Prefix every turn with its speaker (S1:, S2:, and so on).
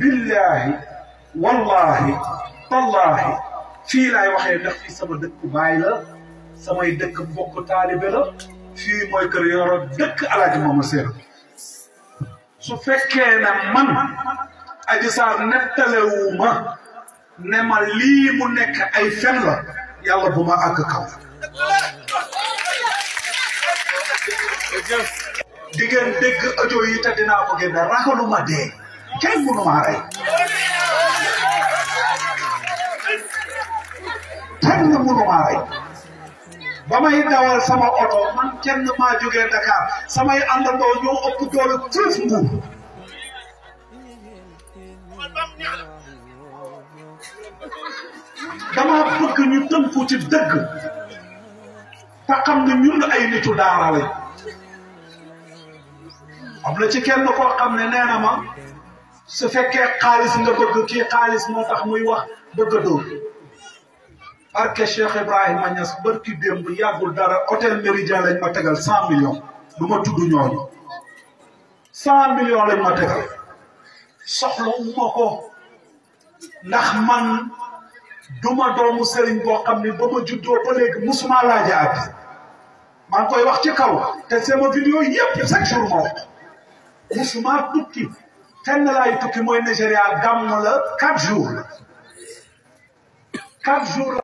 S1: billaahi wallaahi tallaahi fii laay waxee ndax fii sama dëkk baay la samay dëkk mbokk taalibe la fii mooy kër yoro dëkk alaaji mooma seen su fekkee na man aji saar nettalewuma ne ma lii mu nekk ay fen la yàlla bu ma àgg kaw di ngeen kenn mënu maa rey kenn mënu maa ba may dawal sama oto man kenn maa jógee Dakar samay àndandoo ñoo ëpp doole tuuf nguur damaa bëgg ñu tënku ci dëgg te xam ne ñun ay nitu daara lañ am ci kenn koo xam ne nee na su fekkee xaalis nga bëgg kii xaalis moo tax muy wax bëgg a dóor barke Cheikh Ibrahima Niass barki démb yàggul dara hôtel Méridien lañ ma tegal cent millions du ma tudd ñooñu cent millions lañ ma tegal soxla wu ko ndax man duma ma doomu sëriñ boo xam ne ba ma juddoo ba léegi musuma laaja at maa ngi koy wax ci kaw te sama vidéo yëpp chaque jour moo musuma tukki fenn laay tukki mooy Nigéria gàmmu la quatre jours la quatre jours la